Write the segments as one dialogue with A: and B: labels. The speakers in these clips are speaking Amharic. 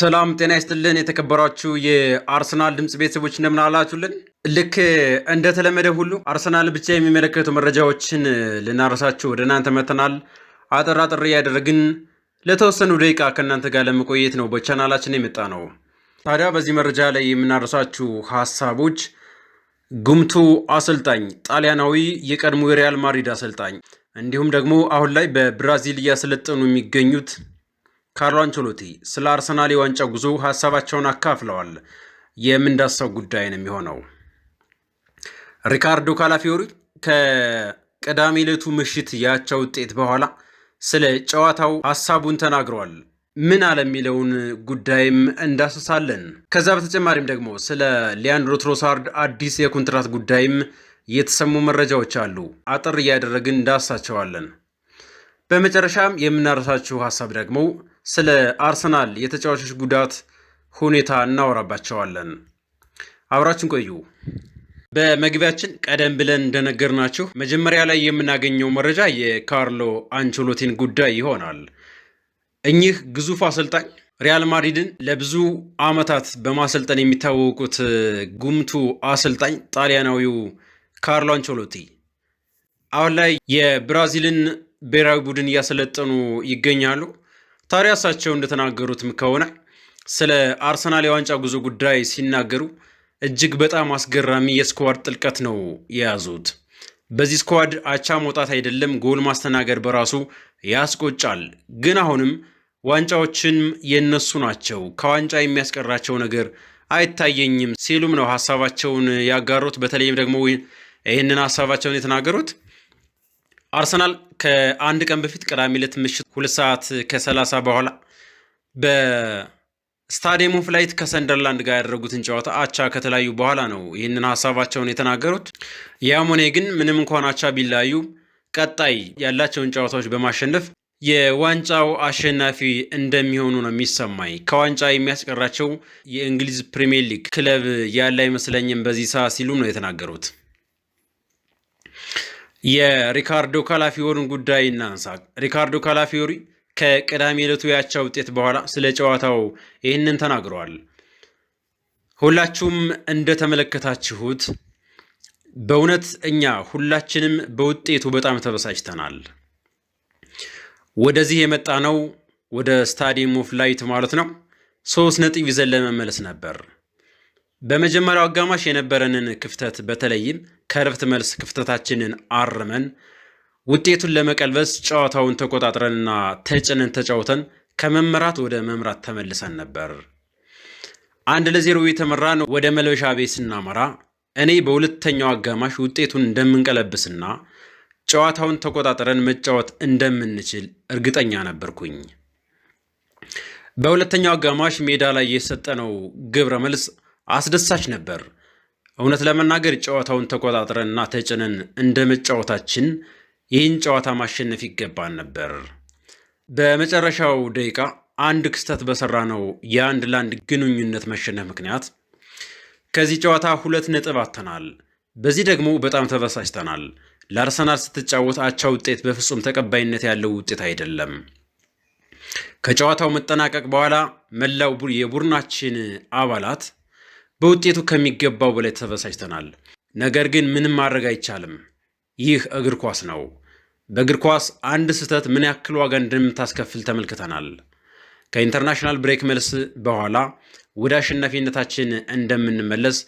A: ሰላም ጤና ይስጥልን። የተከበራችሁ የአርሰናል ድምፅ ቤተሰቦች እንደምን አላችሁልን? ልክ እንደተለመደ ሁሉ አርሰናል ብቻ የሚመለከቱ መረጃዎችን ልናረሳችሁ ወደ እናንተ መተናል። አጠር አጠር እያደረግን ለተወሰኑ ደቂቃ ከእናንተ ጋር ለመቆየት ነው በቻናላችን የመጣ ነው። ታዲያ በዚህ መረጃ ላይ የምናረሳችሁ ሀሳቦች ጉምቱ አሰልጣኝ ጣሊያናዊ የቀድሞ የሪያል ማድሪድ አሰልጣኝ እንዲሁም ደግሞ አሁን ላይ በብራዚል እያሰለጠኑ የሚገኙት ካርሎ አንቸሎቲ ስለ አርሰናል የዋንጫ ጉዞ ሀሳባቸውን አካፍለዋል። የምንዳሰው ጉዳይ ነው የሚሆነው። ሪካርዶ ካላፊዮሪ ከቅዳሜ ዕለቱ ምሽት ያቸው ውጤት በኋላ ስለ ጨዋታው ሀሳቡን ተናግረዋል። ምን አለ የሚለውን ጉዳይም እንዳስሳለን። ከዛ በተጨማሪም ደግሞ ስለ ሊያንድሮ ትሮሳርድ አዲስ የኮንትራት ጉዳይም የተሰሙ መረጃዎች አሉ። አጠር እያደረግን እንዳሳቸዋለን። በመጨረሻም የምናረሳችሁ ሀሳብ ደግሞ ስለ አርሰናል የተጫዋቾች ጉዳት ሁኔታ እናወራባቸዋለን። አብራችን ቆዩ። በመግቢያችን ቀደም ብለን እንደነገርናችሁ መጀመሪያ ላይ የምናገኘው መረጃ የካርሎ አንቸሎቲን ጉዳይ ይሆናል። እኚህ ግዙፍ አሰልጣኝ ሪያል ማድሪድን ለብዙ ዓመታት በማሰልጠን የሚታወቁት ጉምቱ አሰልጣኝ ጣሊያናዊው ካርሎ አንቸሎቲ አሁን ላይ የብራዚልን ብሔራዊ ቡድን እያሰለጠኑ ይገኛሉ። ታዲያ እሳቸው እንደተናገሩትም ከሆነ ስለ አርሰናል የዋንጫ ጉዞ ጉዳይ ሲናገሩ እጅግ በጣም አስገራሚ የስኳድ ጥልቀት ነው የያዙት። በዚህ ስኳድ አቻ መውጣት አይደለም ጎል ማስተናገድ በራሱ ያስቆጫል። ግን አሁንም ዋንጫዎችን የነሱ ናቸው፣ ከዋንጫ የሚያስቀራቸው ነገር አይታየኝም ሲሉም ነው ሀሳባቸውን ያጋሩት። በተለይም ደግሞ ይህንን ሀሳባቸውን የተናገሩት አርሰናል ከአንድ ቀን በፊት ቅዳሜ ዕለት ምሽት ሁለት ሰዓት ከሰላሳ በኋላ በስታዲየም ኦፍ ላይት ከሰንደርላንድ ጋር ያደረጉትን ጨዋታ አቻ ከተለያዩ በኋላ ነው ይህንን ሀሳባቸውን የተናገሩት። ያሞኔ ግን ምንም እንኳን አቻ ቢለያዩ ቀጣይ ያላቸውን ጨዋታዎች በማሸነፍ የዋንጫው አሸናፊ እንደሚሆኑ ነው የሚሰማኝ። ከዋንጫ የሚያስቀራቸው የእንግሊዝ ፕሪሚየር ሊግ ክለብ ያለ አይመስለኝም በዚህ ሰዓት ሲሉም ነው የተናገሩት። የሪካርዶ ካላፊዮሪን ጉዳይ እናንሳ። ሪካርዶ ካላፊዮሪ ከቅዳሜ ዕለቱ ያቻ ውጤት በኋላ ስለ ጨዋታው ይህንን ተናግረዋል። ሁላችሁም እንደተመለከታችሁት በእውነት እኛ ሁላችንም በውጤቱ በጣም ተበሳጭተናል። ወደዚህ የመጣ ነው ወደ ስታዲየም ኦፍ ላይት ማለት ነው ሶስት ነጥብ ይዘን ለመመለስ ነበር በመጀመሪያው አጋማሽ የነበረንን ክፍተት በተለይም ከረፍት መልስ ክፍተታችንን አርመን ውጤቱን ለመቀልበስ ጨዋታውን ተቆጣጥረንና ተጭነን ተጫውተን ከመምራት ወደ መምራት ተመልሰን ነበር። አንድ ለዜሮ የተመራን ወደ መልበሻ ቤት ስናመራ እኔ በሁለተኛው አጋማሽ ውጤቱን እንደምንቀለብስና ጨዋታውን ተቆጣጥረን መጫወት እንደምንችል እርግጠኛ ነበርኩኝ። በሁለተኛው አጋማሽ ሜዳ ላይ የሰጠነው ግብረ መልስ አስደሳች ነበር። እውነት ለመናገር ጨዋታውን ተቆጣጥረንና ተጭነን እንደ መጫወታችን ይህን ጨዋታ ማሸነፍ ይገባን ነበር። በመጨረሻው ደቂቃ አንድ ክስተት በሰራ ነው የአንድ ለአንድ ግንኙነት መሸነፍ ምክንያት ከዚህ ጨዋታ ሁለት ነጥብ አጥተናል። በዚህ ደግሞ በጣም ተበሳጭተናል። ለአርሰናል ስትጫወት አቻ ውጤት በፍጹም ተቀባይነት ያለው ውጤት አይደለም። ከጨዋታው መጠናቀቅ በኋላ መላው የቡድናችን አባላት በውጤቱ ከሚገባው በላይ ተበሳጭተናል። ነገር ግን ምንም ማድረግ አይቻልም። ይህ እግር ኳስ ነው። በእግር ኳስ አንድ ስህተት ምን ያክል ዋጋ እንደምታስከፍል ተመልክተናል። ከኢንተርናሽናል ብሬክ መልስ በኋላ ወደ አሸናፊነታችን እንደምንመለስ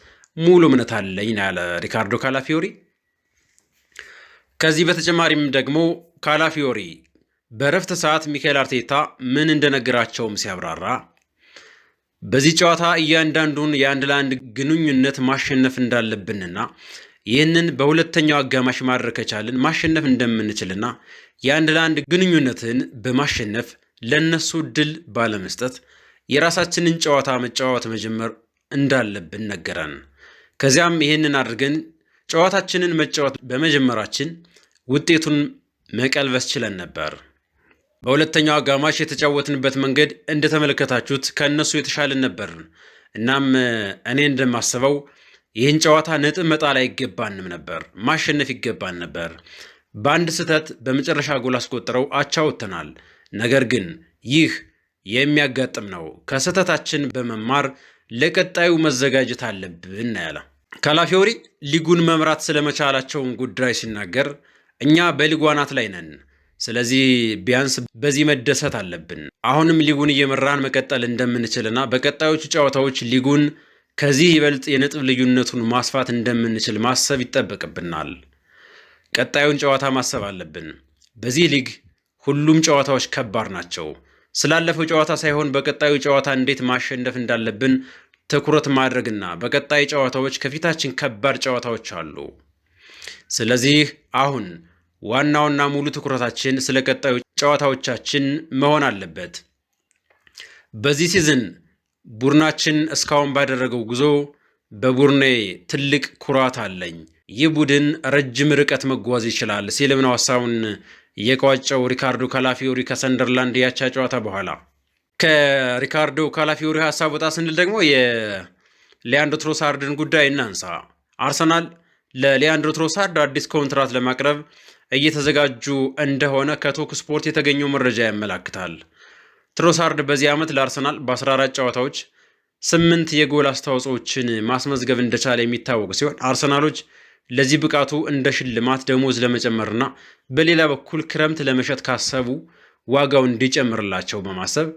A: ሙሉ እምነት አለኝ ያለ ሪካርዶ ካላፊዮሪ። ከዚህ በተጨማሪም ደግሞ ካላፊዮሪ በእረፍት ሰዓት ሚካኤል አርቴታ ምን እንደነገራቸውም ሲያብራራ በዚህ ጨዋታ እያንዳንዱን የአንድ ለአንድ ግንኙነት ማሸነፍ እንዳለብንና ይህንን በሁለተኛው አጋማሽ ማድረግ ከቻልን ማሸነፍ እንደምንችልና የአንድ ለአንድ ግንኙነትን በማሸነፍ ለነሱ ድል ባለመስጠት የራሳችንን ጨዋታ መጫወት መጀመር እንዳለብን ነገረን። ከዚያም ይህንን አድርገን ጨዋታችንን መጫወት በመጀመራችን ውጤቱን መቀልበስ ችለን ነበር። በሁለተኛው አጋማሽ የተጫወትንበት መንገድ እንደተመለከታችሁት ከእነሱ የተሻለን ነበር እናም እኔ እንደማስበው ይህን ጨዋታ ነጥብ መጣል አይገባንም ነበር፣ ማሸነፍ ይገባን ነበር። በአንድ ስህተት በመጨረሻ ጎል አስቆጥረው አቻውተናል። ነገር ግን ይህ የሚያጋጥም ነው። ከስህተታችን በመማር ለቀጣዩ መዘጋጀት አለብን ያለ ካላፊዮሪ ሊጉን መምራት ስለመቻላቸውን ጉዳይ ሲናገር እኛ በሊጉ አናት ላይ ነን ስለዚህ ቢያንስ በዚህ መደሰት አለብን። አሁንም ሊጉን እየመራን መቀጠል እንደምንችልና በቀጣዮቹ ጨዋታዎች ሊጉን ከዚህ ይበልጥ የነጥብ ልዩነቱን ማስፋት እንደምንችል ማሰብ ይጠበቅብናል። ቀጣዩን ጨዋታ ማሰብ አለብን። በዚህ ሊግ ሁሉም ጨዋታዎች ከባድ ናቸው። ስላለፈው ጨዋታ ሳይሆን በቀጣዩ ጨዋታ እንዴት ማሸነፍ እንዳለብን ትኩረት ማድረግና በቀጣይ ጨዋታዎች ከፊታችን ከባድ ጨዋታዎች አሉ። ስለዚህ አሁን ዋናውና ሙሉ ትኩረታችን ስለ ቀጣዩ ጨዋታዎቻችን መሆን አለበት። በዚህ ሲዝን ቡድናችን እስካሁን ባደረገው ጉዞ በቡርኔ ትልቅ ኩራት አለኝ። ይህ ቡድን ረጅም ርቀት መጓዝ ይችላል ሲልም ነው ሀሳቡን የቋጨው ሪካርዶ ካላፊዮሪ ከሰንደርላንድ ያቻ ጨዋታ በኋላ። ከሪካርዶ ካላፊዮሪ ሀሳብ ወጣ ስንል ደግሞ የሊያንድሮ ትሮሳርድን ጉዳይ እናንሳ። አርሰናል ለሊያንድሮ ትሮሳርድ አዲስ ኮንትራት ለማቅረብ እየተዘጋጁ እንደሆነ ከቶክ ስፖርት የተገኘው መረጃ ያመላክታል። ትሮሳርድ በዚህ ዓመት ለአርሰናል በ14 ጨዋታዎች ስምንት የጎል አስተዋጽኦችን ማስመዝገብ እንደቻለ የሚታወቅ ሲሆን አርሰናሎች ለዚህ ብቃቱ እንደ ሽልማት ደሞዝ ለመጨመርና በሌላ በኩል ክረምት ለመሸጥ ካሰቡ ዋጋው እንዲጨምርላቸው በማሰብ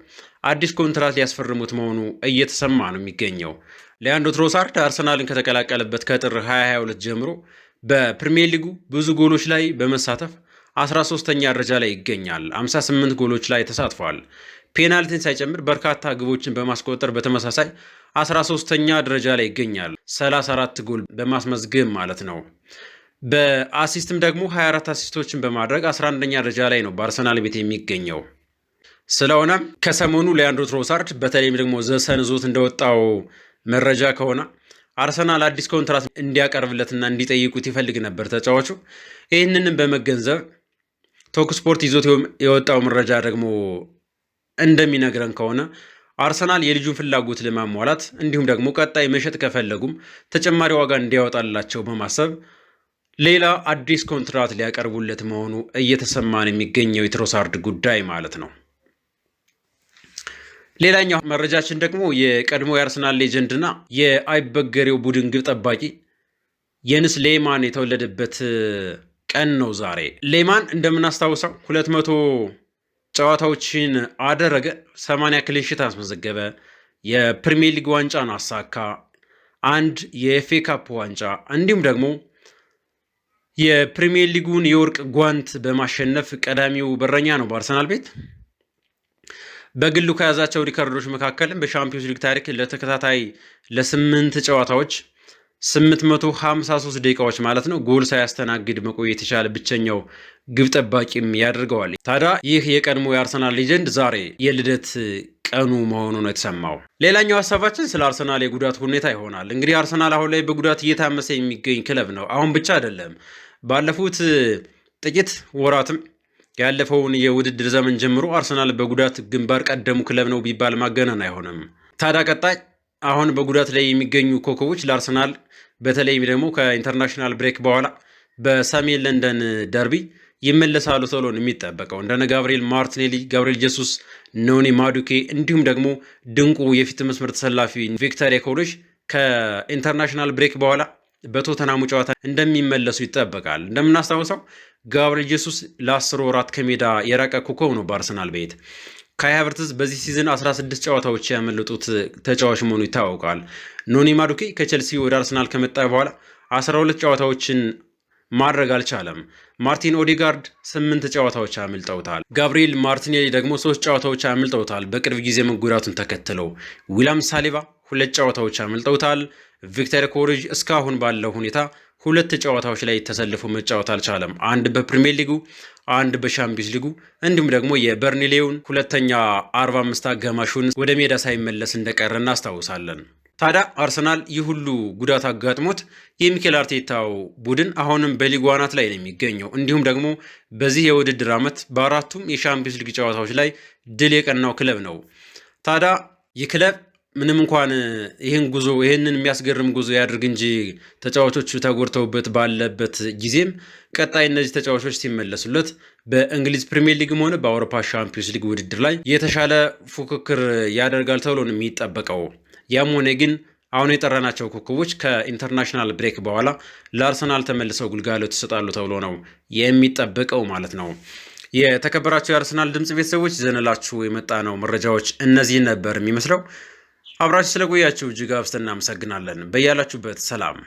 A: አዲስ ኮንትራት ሊያስፈርሙት መሆኑ እየተሰማ ነው የሚገኘው። ሊያንድሮ ትሮሳርድ አርሰናልን ከተቀላቀለበት ከጥር 2022 ጀምሮ በፕሪሚየር ሊጉ ብዙ ጎሎች ላይ በመሳተፍ 13ተኛ ደረጃ ላይ ይገኛል። 58 ጎሎች ላይ ተሳትፏል። ፔናልቲን ሳይጨምር በርካታ ግቦችን በማስቆጠር በተመሳሳይ 13ተኛ ደረጃ ላይ ይገኛል። 34 ጎል በማስመዝገብ ማለት ነው። በአሲስትም ደግሞ 24 አሲስቶችን በማድረግ 11ኛ ደረጃ ላይ ነው በአርሰናል ቤት የሚገኘው። ስለሆነም ከሰሞኑ ሊያንድሮ ትሮሳርድ በተለይም ደግሞ ዘሰን ዞት እንደወጣው መረጃ ከሆነ አርሰናል አዲስ ኮንትራት እንዲያቀርብለትና እንዲጠይቁት ይፈልግ ነበር ተጫዋቹ። ይህንንም በመገንዘብ ቶክ ስፖርት ይዞት የወጣው መረጃ ደግሞ እንደሚነግረን ከሆነ አርሰናል የልጁን ፍላጎት ለማሟላት እንዲሁም ደግሞ ቀጣይ መሸጥ ከፈለጉም ተጨማሪ ዋጋ እንዲያወጣላቸው በማሰብ ሌላ አዲስ ኮንትራት ሊያቀርቡለት መሆኑ እየተሰማ የሚገኘው የትሮሳርድ ጉዳይ ማለት ነው። ሌላኛው መረጃችን ደግሞ የቀድሞ የአርሰናል ሌጀንድና የአይበገሬው ቡድን ግብ ጠባቂ የንስ ሌማን የተወለደበት ቀን ነው ዛሬ። ሌማን እንደምናስታውሰው ሁለት መቶ ጨዋታዎችን አደረገ፣ 80 ክሊንሺት አስመዘገበ፣ የፕሪሚየር ሊግ ዋንጫን አሳካ፣ አንድ የኤፌ ካፕ ዋንጫ እንዲሁም ደግሞ የፕሪሚየር ሊጉን የወርቅ ጓንት በማሸነፍ ቀዳሚው በረኛ ነው በአርሰናል ቤት። በግሉ ከያዛቸው ሪከርዶች መካከልም በሻምፒዮንስ ሊግ ታሪክ ለተከታታይ ለስምንት ጨዋታዎች 853 ደቂቃዎች ማለት ነው ጎል ሳያስተናግድ መቆየት የተቻለ ብቸኛው ግብ ጠባቂም ያደርገዋል። ታዲያ ይህ የቀድሞ የአርሰናል ሌጀንድ ዛሬ የልደት ቀኑ መሆኑ ነው የተሰማው። ሌላኛው ሀሳባችን ስለ አርሰናል የጉዳት ሁኔታ ይሆናል። እንግዲህ አርሰናል አሁን ላይ በጉዳት እየታመሰ የሚገኝ ክለብ ነው። አሁን ብቻ አይደለም፣ ባለፉት ጥቂት ወራትም ያለፈውን የውድድር ዘመን ጀምሮ አርሰናል በጉዳት ግንባር ቀደሙ ክለብ ነው ቢባል ማገናን አይሆንም። ታዲያ ቀጣይ አሁን በጉዳት ላይ የሚገኙ ኮከቦች ለአርሰናል በተለይም ደግሞ ከኢንተርናሽናል ብሬክ በኋላ በሰሜን ለንደን ደርቢ ይመለሳሉ ተብሎ ነው የሚጠበቀው። እንደነ ጋብሪኤል ማርቲኔሊ፣ ጋብሪኤል ጀሱስ፣ ኖኒ ማዱኬ እንዲሁም ደግሞ ድንቁ የፊት መስመር ተሰላፊ ቪክተር ዮኬሬሽ ከኢንተርናሽናል ብሬክ በኋላ በቶተናሙ ጨዋታ እንደሚመለሱ ይጠበቃል። እንደምናስታውሰው ጋብርኤል ኢየሱስ ለአስር ወራት ከሜዳ የራቀ ኮከብ ነው በአርሰናል ቤት። ካይ ሃቨርትዝ በዚህ ሲዝን 16 ጨዋታዎች ያመለጡት ተጫዋች መሆኑ ይታወቃል። ኖኒ ማዱኬ ከቼልሲ ወደ አርሰናል ከመጣ በኋላ 12 ጨዋታዎችን ማድረግ አልቻለም። ማርቲን ኦዴጋርድ ስምንት ጨዋታዎች አምልጠውታል። ጋብሪኤል ማርቲኔሊ ደግሞ ሶስት ጨዋታዎች አምልጠውታል በቅርብ ጊዜ መጎዳቱን ተከትለው። ዊላም ሳሊባ ሁለት ጨዋታዎች አምልጠውታል። ቪክተር ኮሪጅ እስካሁን ባለው ሁኔታ ሁለት ጨዋታዎች ላይ ተሰልፎ መጫወት አልቻለም። አንድ በፕሪሚየር ሊጉ፣ አንድ በሻምፒዮንስ ሊጉ እንዲሁም ደግሞ የበርንሌውን ሁለተኛ 45 አጋማሹን ወደ ሜዳ ሳይመለስ እንደቀረ እናስታውሳለን። ታዲያ አርሰናል ይህ ሁሉ ጉዳት አጋጥሞት የሚኬል አርቴታው ቡድን አሁንም በሊጉ አናት ላይ ነው የሚገኘው። እንዲሁም ደግሞ በዚህ የውድድር ዓመት በአራቱም የሻምፒዮንስ ሊግ ጨዋታዎች ላይ ድል የቀናው ክለብ ነው። ታዲያ ይህ ክለብ ምንም እንኳን ይህን ጉዞ ይህንን የሚያስገርም ጉዞ ያድርግ እንጂ ተጫዋቾቹ ተጎድተውበት ባለበት ጊዜም ቀጣይ እነዚህ ተጫዋቾች ሲመለሱለት በእንግሊዝ ፕሪሚየር ሊግም ሆነ በአውሮፓ ሻምፒዮንስ ሊግ ውድድር ላይ የተሻለ ፉክክር ያደርጋል ተብሎ ነው የሚጠበቀው። ያም ሆነ ግን አሁን የጠራናቸው ኮከቦች ከኢንተርናሽናል ብሬክ በኋላ ለአርሰናል ተመልሰው ግልጋሎት ይሰጣሉ ተብሎ ነው የሚጠበቀው ማለት ነው። የተከበራቸው የአርሰናል ድምፅ ቤተሰቦች ዘነላችሁ የመጣ ነው መረጃዎች እነዚህን ነበር የሚመስለው። አብራችሁ ስለቆያችሁ እጅግ አብዝተን እናመሰግናለን። በያላችሁበት ሰላም